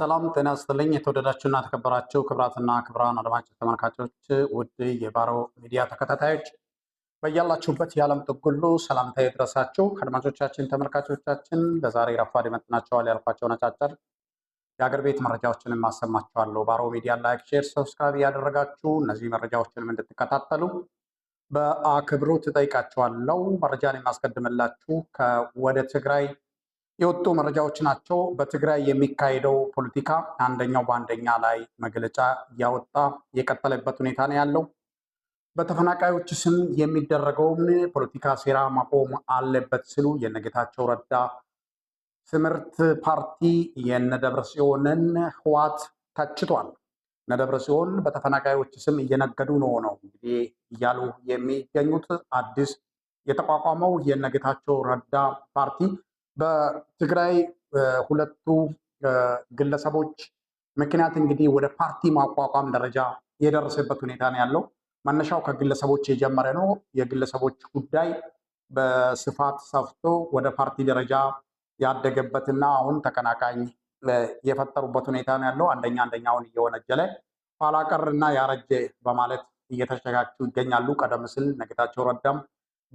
ሰላም ጤና ስትልኝ የተወደዳችሁና የተከበራችሁ ክብራትና ክብራን አድማጭ ተመልካቾች፣ ውድ የባሮ ሚዲያ ተከታታዮች በያላችሁበት የዓለም ጥግ ሰላምታ ይድረሳችሁ። አድማጮቻችን፣ ተመልካቾቻችን ለዛሬ ረፋድ ይመጥናቸዋል ያልኳቸው ነጫጭር የአገር ቤት መረጃዎችን አሰማችኋለሁ። ባሮ ሚዲያ ላይክ፣ ሼር፣ ሰብስክራይብ ያደረጋችሁ እነዚህ መረጃዎችንም እንድትከታተሉ በአክብሮት እጠይቃችኋለሁ። መረጃን የማስቀድምላችሁ ከወደ ትግራይ የወጡ መረጃዎች ናቸው። በትግራይ የሚካሄደው ፖለቲካ አንደኛው በአንደኛ ላይ መግለጫ እያወጣ የቀጠለበት ሁኔታ ነው ያለው። በተፈናቃዮች ስም የሚደረገውም ፖለቲካ ሴራ ማቆም አለበት ሲሉ የነገታቸው ረዳ ትምህርት ፓርቲ የነደብረ ጽዮንን ህዋት ተችቷል። ነደብረ ጽዮን በተፈናቃዮች ስም እየነገዱ ነው ነው እንግዲህ እያሉ የሚገኙት አዲስ የተቋቋመው የነገታቸው ረዳ ፓርቲ በትግራይ ሁለቱ ግለሰቦች ምክንያት እንግዲህ ወደ ፓርቲ ማቋቋም ደረጃ የደረሰበት ሁኔታ ነው ያለው። መነሻው ከግለሰቦች የጀመረ ነው። የግለሰቦች ጉዳይ በስፋት ሰፍቶ ወደ ፓርቲ ደረጃ ያደገበትና አሁን ተቀናቃኝ የፈጠሩበት ሁኔታ ነው ያለው። አንደኛ አንደኛውን እየወነጀለ እና ያረጀ በማለት እየተሸጋጩ ይገኛሉ። ቀደም ሲል ነገታቸው ረዳም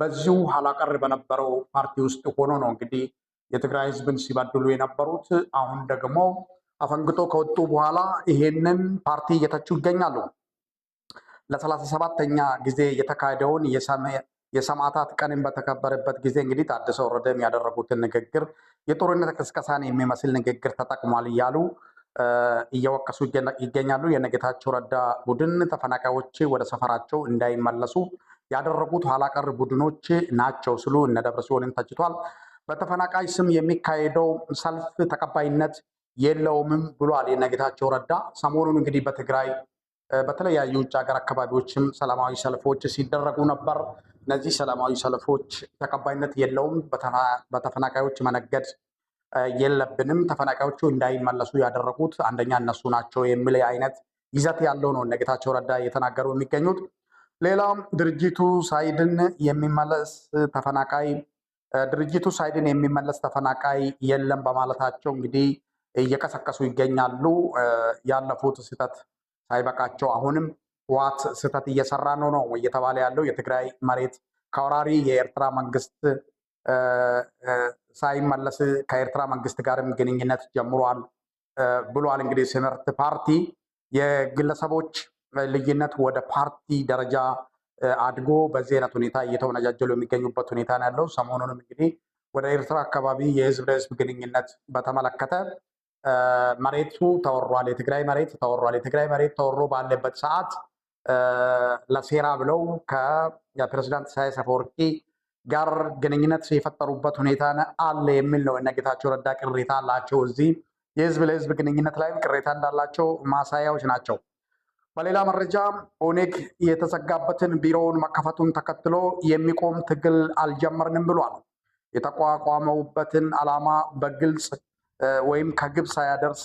በዚሁ ኋላቀር በነበረው ፓርቲ ውስጥ ሆኖ ነው እንግዲህ የትግራይ ህዝብን ሲበድሉ የነበሩት አሁን ደግሞ አፈንግጦ ከወጡ በኋላ ይሄንን ፓርቲ እየተቹ ይገኛሉ። ለሰላሳ ሰባተኛ ጊዜ የተካሄደውን የሰማዕታት ቀንን በተከበረበት ጊዜ እንግዲህ ታደሰ ወረደም ያደረጉትን ንግግር የጦርነት ቅስቀሳን የሚመስል ንግግር ተጠቅሟል እያሉ እየወቀሱ ይገኛሉ። የነጌታቸው ረዳ ቡድን ተፈናቃዮች ወደ ሰፈራቸው እንዳይመለሱ ያደረጉት ኋላቀር ቡድኖች ናቸው ስሉ እነ ደብረጽዮንን ተችቷል። በተፈናቃይ ስም የሚካሄደው ሰልፍ ተቀባይነት የለውምም ብሏል። የነጌታቸው ረዳ ሰሞኑን እንግዲህ በትግራይ በተለያዩ ውጭ ሀገር አካባቢዎችም ሰላማዊ ሰልፎች ሲደረጉ ነበር። እነዚህ ሰላማዊ ሰልፎች ተቀባይነት የለውም፣ በተፈናቃዮች መነገድ የለብንም፣ ተፈናቃዮቹ እንዳይመለሱ ያደረጉት አንደኛ እነሱ ናቸው የሚል አይነት ይዘት ያለው ነው እነጌታቸው ረዳ እየተናገሩ የሚገኙት። ሌላም ድርጅቱ ሳይድን የሚመለስ ተፈናቃይ ድርጅቱ ሳይድን የሚመለስ ተፈናቃይ የለም በማለታቸው እንግዲህ እየቀሰቀሱ ይገኛሉ። ያለፉት ስህተት ሳይበቃቸው አሁንም ህወሓት ስህተት እየሰራ ነው ነው እየተባለ ያለው የትግራይ መሬት ከወራሪ የኤርትራ መንግስት ሳይመለስ ከኤርትራ መንግስት ጋርም ግንኙነት ጀምሯል ብሏል። እንግዲህ ስምርት ፓርቲ የግለሰቦች ልዩነት ወደ ፓርቲ ደረጃ አድጎ በዚህ አይነት ሁኔታ እየተወነጃጀሉ የሚገኙበት ሁኔታ ነው ያለው። ሰሞኑንም እንግዲህ ወደ ኤርትራ አካባቢ የህዝብ ለህዝብ ግንኙነት በተመለከተ መሬቱ ተወሯል፣ የትግራይ መሬት ተወሯል። የትግራይ መሬት ተወሮ ባለበት ሰዓት ለሴራ ብለው ከፕሬዚዳንት ኢሳያስ አፈወርቂ ጋር ግንኙነት የፈጠሩበት ሁኔታ አለ የሚል ነው። እነ ጌታቸው ረዳ ቅሬታ አላቸው። እዚህ የህዝብ ለህዝብ ግንኙነት ላይም ቅሬታ እንዳላቸው ማሳያዎች ናቸው። በሌላ መረጃ ኦኔግ የተዘጋበትን ቢሮውን መከፈቱን ተከትሎ የሚቆም ትግል አልጀመርንም ብሏል። የተቋቋመውበትን ዓላማ በግልጽ ወይም ከግብ ሳያደርስ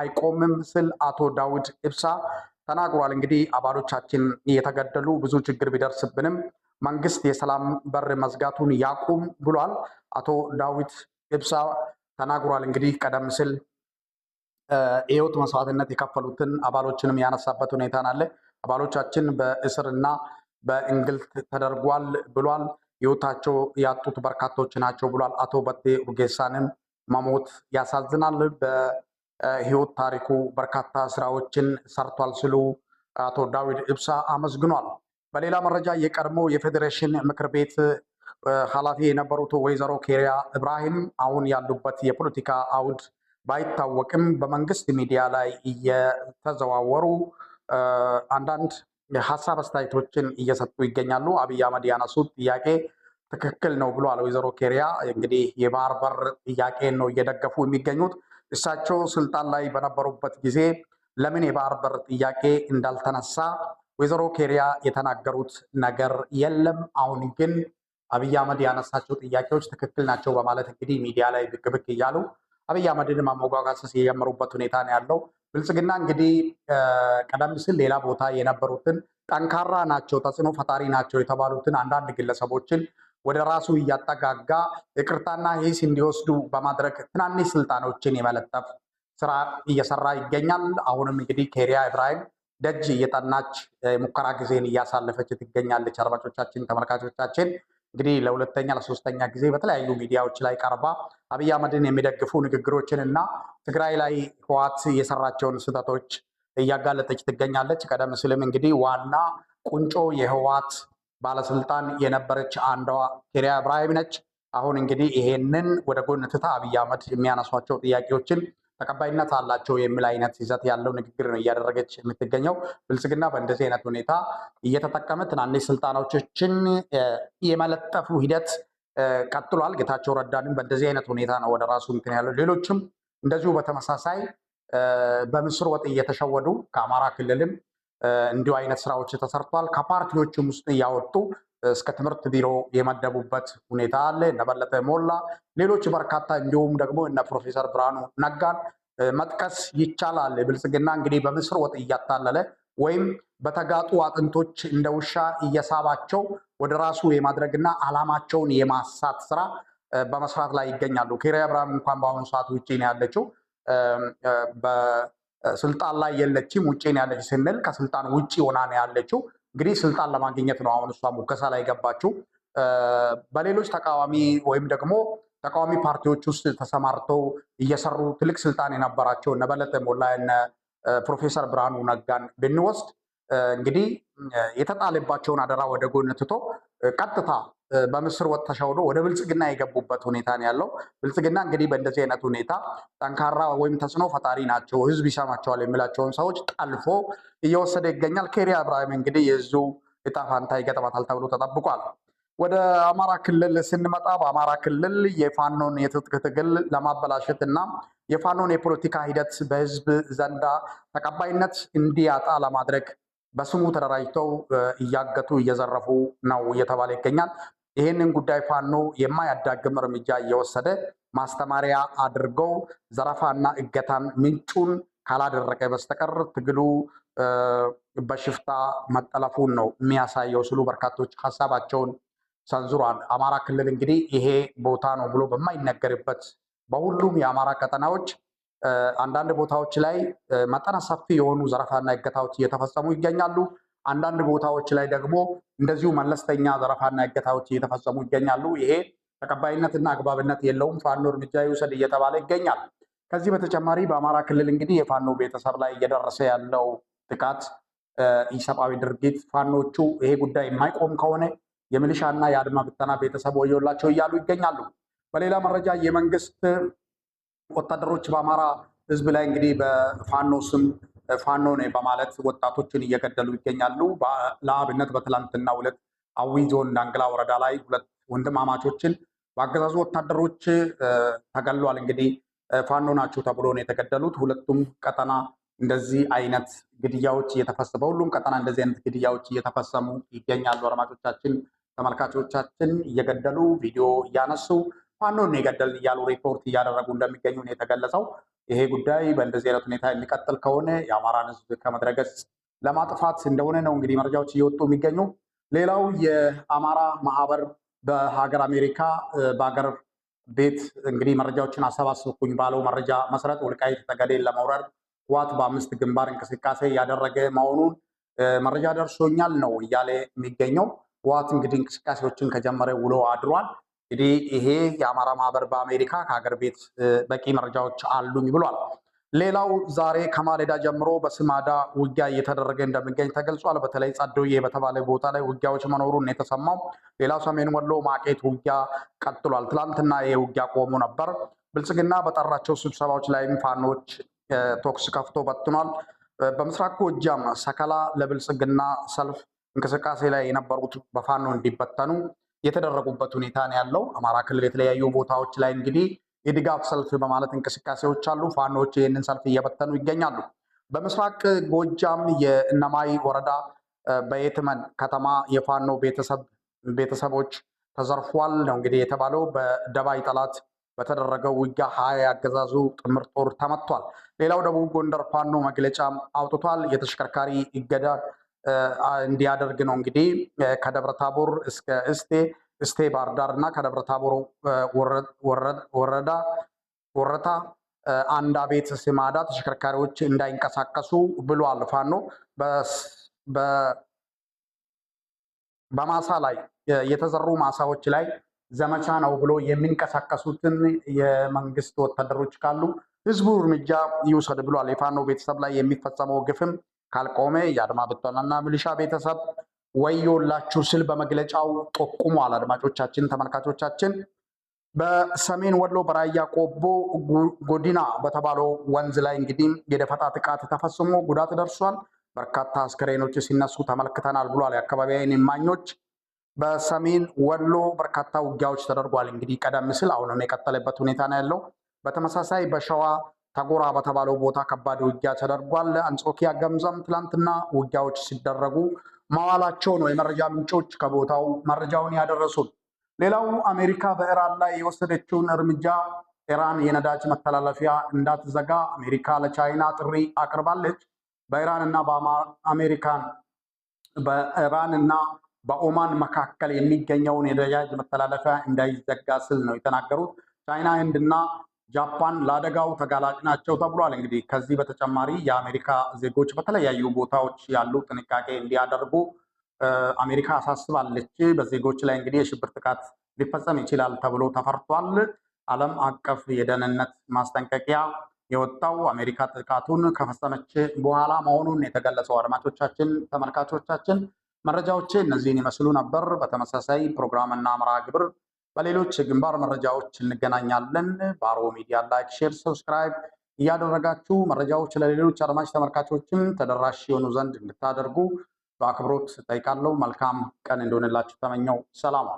አይቆምም ስል አቶ ዳውድ ኢብሳ ተናግሯል። እንግዲህ አባሎቻችን እየተገደሉ ብዙ ችግር ቢደርስብንም መንግስት የሰላም በር መዝጋቱን ያቁም ብሏል። አቶ ዳዊት ኢብሳ ተናግሯል። እንግዲህ ቀደም ሲል የህይወት መስዋዕትነት የከፈሉትን አባሎችንም ያነሳበት ሁኔታ አለ። አባሎቻችን በእስርና በእንግልት ተደርጓል ብሏል። ህይወታቸው ያጡት በርካቶች ናቸው ብሏል። አቶ በቴ ኡርጌሳንም መሞት ያሳዝናል፣ በህይወት ታሪኩ በርካታ ስራዎችን ሰርቷል ሲሉ አቶ ዳዊድ እብሳ አመስግኗል። በሌላ መረጃ የቀድሞ የፌዴሬሽን ምክር ቤት ኃላፊ የነበሩት ወይዘሮ ኬሪያ ኢብራሂም አሁን ያሉበት የፖለቲካ አውድ ባይታወቅም በመንግስት ሚዲያ ላይ እየተዘዋወሩ አንዳንድ ሀሳብ አስተያየቶችን እየሰጡ ይገኛሉ። አብይ አህመድ ያነሱት ጥያቄ ትክክል ነው ብሏል ወይዘሮ ኬሪያ። እንግዲህ የባህር በር ጥያቄን ነው እየደገፉ የሚገኙት። እሳቸው ስልጣን ላይ በነበሩበት ጊዜ ለምን የባህር በር ጥያቄ እንዳልተነሳ ወይዘሮ ኬሪያ የተናገሩት ነገር የለም። አሁን ግን አብይ አህመድ ያነሳቸው ጥያቄዎች ትክክል ናቸው በማለት እንግዲህ ሚዲያ ላይ ብቅ ብቅ እያሉ አብይ አህመድን ማሞጋጋት የጀመሩበት ሁኔታ ነው ያለው። ብልጽግና እንግዲህ ቀደም ሲል ሌላ ቦታ የነበሩትን ጠንካራ ናቸው፣ ተጽዕኖ ፈጣሪ ናቸው የተባሉትን አንዳንድ ግለሰቦችን ወደ ራሱ እያጠጋጋ ይቅርታና ሂስ እንዲወስዱ በማድረግ ትናንሽ ስልጣኖችን የመለጠፍ ስራ እየሰራ ይገኛል። አሁንም እንግዲህ ኬሪያ ኢብራሂም ደጅ እየጠናች ሙከራ ጊዜን እያሳለፈች ትገኛለች። አድማጮቻችን፣ ተመልካቾቻችን እንግዲህ ለሁለተኛ ለሶስተኛ ጊዜ በተለያዩ ሚዲያዎች ላይ ቀርባ አብይ አህመድን የሚደግፉ ንግግሮችን እና ትግራይ ላይ ህዋት የሰራቸውን ስህተቶች እያጋለጠች ትገኛለች። ቀደም ሲልም እንግዲህ ዋና ቁንጮ የህዋት ባለስልጣን የነበረች አንዷ ኬሪያ ኢብራሂም ነች። አሁን እንግዲህ ይሄንን ወደ ጎን ትታ አብይ አህመድ የሚያነሷቸው ጥያቄዎችን ተቀባይነት አላቸው የሚል አይነት ይዘት ያለው ንግግር ነው እያደረገች የምትገኘው። ብልጽግና በእንደዚህ አይነት ሁኔታ እየተጠቀመ ትናንሽ ስልጣኖችን የመለጠፉ ሂደት ቀጥሏል። ጌታቸው ረዳንም በእንደዚህ አይነት ሁኔታ ነው ወደ ራሱ እንትን ያለው። ሌሎችም እንደዚሁ በተመሳሳይ በምስር ወጥ እየተሸወዱ ከአማራ ክልልም እንዲሁ አይነት ስራዎች ተሰርቷል። ከፓርቲዎችም ውስጥ እያወጡ እስከ ትምህርት ቢሮ የመደቡበት ሁኔታ አለ። እነ በለጠ ሞላ፣ ሌሎች በርካታ እንዲሁም ደግሞ እነ ፕሮፌሰር ብርሃኑ ነጋን መጥቀስ ይቻላል። ብልጽግና እንግዲህ በምስር ወጥ እያታለለ ወይም በተጋጡ አጥንቶች እንደ ውሻ እየሳባቸው ወደ ራሱ የማድረግና አላማቸውን የማሳት ስራ በመስራት ላይ ይገኛሉ። ኬሪያ አብርሃም እንኳን በአሁኑ ሰዓት ውጭ ነው ያለችው፣ በስልጣን ላይ የለችም። ውጭ ነው ያለች ስንል ከስልጣን ውጭ ሆና ነው ያለችው። እንግዲህ ስልጣን ለማግኘት ነው አሁን እሷ ሙከሳ ላይ ገባችው። በሌሎች ተቃዋሚ ወይም ደግሞ ተቃዋሚ ፓርቲዎች ውስጥ ተሰማርተው እየሰሩ ትልቅ ስልጣን የነበራቸው እነ በለጠ ሞላ እነ ፕሮፌሰር ብርሃኑ ነጋን ብንወስድ እንግዲህ የተጣለባቸውን አደራ ወደ ጎን ትቶ ቀጥታ በምስር ወጥ ተሸውዶ ወደ ብልጽግና የገቡበት ሁኔታ ነው ያለው። ብልጽግና እንግዲህ በእንደዚህ አይነት ሁኔታ ጠንካራ ወይም ተጽዕኖ ፈጣሪ ናቸው፣ ህዝብ ይሰማቸዋል የሚላቸውን ሰዎች ጠልፎ እየወሰደ ይገኛል። ኬሪ አብርሃም እንግዲህ የዙ እጣ ፋንታ ይገጥማታል ተብሎ ተጠብቋል። ወደ አማራ ክልል ስንመጣ በአማራ ክልል የፋኖን የትጥቅ ትግል ለማበላሸት እና የፋኖን የፖለቲካ ሂደት በህዝብ ዘንዳ ተቀባይነት እንዲያጣ ለማድረግ በስሙ ተደራጅተው እያገቱ እየዘረፉ ነው እየተባለ ይገኛል። ይህንን ጉዳይ ፋኖ የማያዳግም እርምጃ እየወሰደ ማስተማሪያ አድርገው ዘረፋና እገታን ምንጩን ካላደረገ በስተቀር ትግሉ በሽፍታ መጠለፉን ነው የሚያሳየው ሲሉ በርካቶች ሀሳባቸውን ሰንዝሯል። አማራ ክልል እንግዲህ ይሄ ቦታ ነው ብሎ በማይነገርበት በሁሉም የአማራ ቀጠናዎች አንዳንድ ቦታዎች ላይ መጠነ ሰፊ የሆኑ ዘረፋና እገታዎች እየተፈጸሙ ይገኛሉ። አንዳንድ ቦታዎች ላይ ደግሞ እንደዚሁ መለስተኛ ዘረፋና እገታዎች እየተፈጸሙ ይገኛሉ። ይሄ ተቀባይነትና አግባብነት የለውም። ፋኖ እርምጃ ይውሰድ እየተባለ ይገኛል። ከዚህ በተጨማሪ በአማራ ክልል እንግዲህ የፋኖ ቤተሰብ ላይ እየደረሰ ያለው ጥቃት፣ ኢሰብአዊ ድርጊት ፋኖቹ ይሄ ጉዳይ የማይቆም ከሆነ የሚሊሻና የአድማ ብተና ቤተሰብ ወዮላቸው እያሉ ይገኛሉ። በሌላ መረጃ የመንግስት ወታደሮች በአማራ ህዝብ ላይ እንግዲህ በፋኖ ስም ፋኖ ነኝ በማለት ወጣቶችን እየገደሉ ይገኛሉ። ለአብነት በትላንትና ሁለት አዊ ዞን ዳንግላ ወረዳ ላይ ሁለት ወንድማማቾችን በአገዛዙ ወታደሮች ተገሏል። እንግዲህ ፋኖ ናቸው ተብሎ ነው የተገደሉት። ሁለቱም ቀጠና እንደዚህ አይነት ግድያዎች እየተፈሰ በሁሉም ቀጠና እንደዚህ አይነት ግድያዎች እየተፈሰሙ ይገኛሉ። አድማጮቻችን፣ ተመልካቾቻችን እየገደሉ ቪዲዮ እያነሱ ፋኖን የገደልን እያሉ ሪፖርት እያደረጉ እንደሚገኙ ነው የተገለጸው። ይሄ ጉዳይ በእንደዚህ አይነት ሁኔታ የሚቀጥል ከሆነ የአማራን ህዝብ ከመድረገጽ ለማጥፋት እንደሆነ ነው እንግዲህ መረጃዎች እየወጡ የሚገኙ። ሌላው የአማራ ማህበር በሀገር አሜሪካ በሀገር ቤት እንግዲህ መረጃዎችን አሰባሰብኩኝ ባለው መረጃ መሰረት ወልቃይት ጠገዴን ለመውረር ህወሓት በአምስት ግንባር እንቅስቃሴ እያደረገ መሆኑን መረጃ ደርሶኛል ነው እያለ የሚገኘው። ህወሓት እንግዲህ እንቅስቃሴዎችን ከጀመረ ውሎ አድሯል። እንግዲህ ይሄ የአማራ ማህበር በአሜሪካ ከሀገር ቤት በቂ መረጃዎች አሉኝ ብሏል። ሌላው ዛሬ ከማሌዳ ጀምሮ በስማዳ ውጊያ እየተደረገ እንደሚገኝ ተገልጿል። በተለይ ጸዶዬ በተባለ ቦታ ላይ ውጊያዎች መኖሩን የተሰማው። ሌላው ሰሜን ወሎ ማቄት ውጊያ ቀጥሏል። ትላንትና ይሄ ውጊያ ቆሙ ነበር። ብልጽግና በጠራቸው ስብሰባዎች ላይም ፋኖች ቶክስ ከፍቶ በትኗል። በምስራቅ ጎጃም ሰከላ ለብልጽግና ሰልፍ እንቅስቃሴ ላይ የነበሩት በፋኖ እንዲበተኑ የተደረጉበት ሁኔታ ነው ያለው። አማራ ክልል የተለያዩ ቦታዎች ላይ እንግዲህ የድጋፍ ሰልፍ በማለት እንቅስቃሴዎች አሉ። ፋኖች ይህንን ሰልፍ እየበተኑ ይገኛሉ። በምስራቅ ጎጃም የእነማይ ወረዳ በየትመን ከተማ የፋኖ ቤተሰቦች ተዘርፏል ነው እንግዲህ የተባለው። በደባይ ጠላት በተደረገው ውጊያ ሀያ ያገዛዙ ጥምር ጦር ተመቷል። ሌላው ደቡብ ጎንደር ፋኖ መግለጫ አውጥቷል። የተሽከርካሪ ይገዳ እንዲያደርግ ነው እንግዲህ ከደብረታቦር እስከ እስቴ እስቴ ባህር ዳር እና ከደብረታቦር ወረዳ ወረታ አንድ አቤት ሲማዳ ተሽከርካሪዎች እንዳይንቀሳቀሱ ብሏል። ፋኖ በማሳ ላይ የተዘሩ ማሳዎች ላይ ዘመቻ ነው ብሎ የሚንቀሳቀሱትን የመንግስት ወታደሮች ካሉ ህዝቡ እርምጃ ይውሰድ ብሏል። የፋኖ ቤተሰብ ላይ የሚፈጸመው ግፍም ካልቆመ የአድማ ብተናና ሚሊሻ ቤተሰብ ወዮላችሁ ስል በመግለጫው ጠቁሟል። አድማጮቻችን፣ ተመልካቾቻችን በሰሜን ወሎ በራያ ቆቦ ጎዲና በተባለው ወንዝ ላይ እንግዲህ የደፈጣ ጥቃት ተፈጽሞ ጉዳት ደርሷል። በርካታ አስከሬኖች ሲነሱ ተመልክተናል ብሏል የአካባቢ ዓይን እማኞች። በሰሜን ወሎ በርካታ ውጊያዎች ተደርጓል። እንግዲህ ቀደም ሲል አሁንም የቀጠለበት ሁኔታ ነው ያለው። በተመሳሳይ በሸዋ ተጎራ በተባለው ቦታ ከባድ ውጊያ ተደርጓል። አንጾኪያ ገምዘም ትላንትና ውጊያዎች ሲደረጉ መዋላቸው ነው የመረጃ ምንጮች ከቦታው መረጃውን ያደረሱን። ሌላው አሜሪካ በኢራን ላይ የወሰደችውን እርምጃ ኢራን የነዳጅ መተላለፊያ እንዳትዘጋ አሜሪካ ለቻይና ጥሪ አቅርባለች። በኢራን እና በአሜሪካን በኢራን እና በኦማን መካከል የሚገኘውን የነዳጅ መተላለፊያ እንዳይዘጋ ስል ነው የተናገሩት። ቻይና ህንድና ጃፓን ለአደጋው ተጋላጭ ናቸው ተብሏል። እንግዲህ ከዚህ በተጨማሪ የአሜሪካ ዜጎች በተለያዩ ቦታዎች ያሉ ጥንቃቄ እንዲያደርጉ አሜሪካ አሳስባለች። በዜጎች ላይ እንግዲህ የሽብር ጥቃት ሊፈጸም ይችላል ተብሎ ተፈርቷል። ዓለም አቀፍ የደህንነት ማስጠንቀቂያ የወጣው አሜሪካ ጥቃቱን ከፈጸመች በኋላ መሆኑን የተገለጸው። አድማጮቻችን፣ ተመልካቾቻችን መረጃዎች እነዚህን ይመስሉ ነበር። በተመሳሳይ ፕሮግራምና መርሃ ግብር በሌሎች የግንባር መረጃዎች እንገናኛለን። ባሮ ሚዲያ ላይክ፣ ሼር፣ ሰብስክራይብ እያደረጋችሁ መረጃዎች ለሌሎች አድማጭ ተመልካቾችም ተደራሽ የሆኑ ዘንድ እንድታደርጉ በአክብሮት ጠይቃለሁ። መልካም ቀን እንደሆነላችሁ ተመኘው። ሰላም።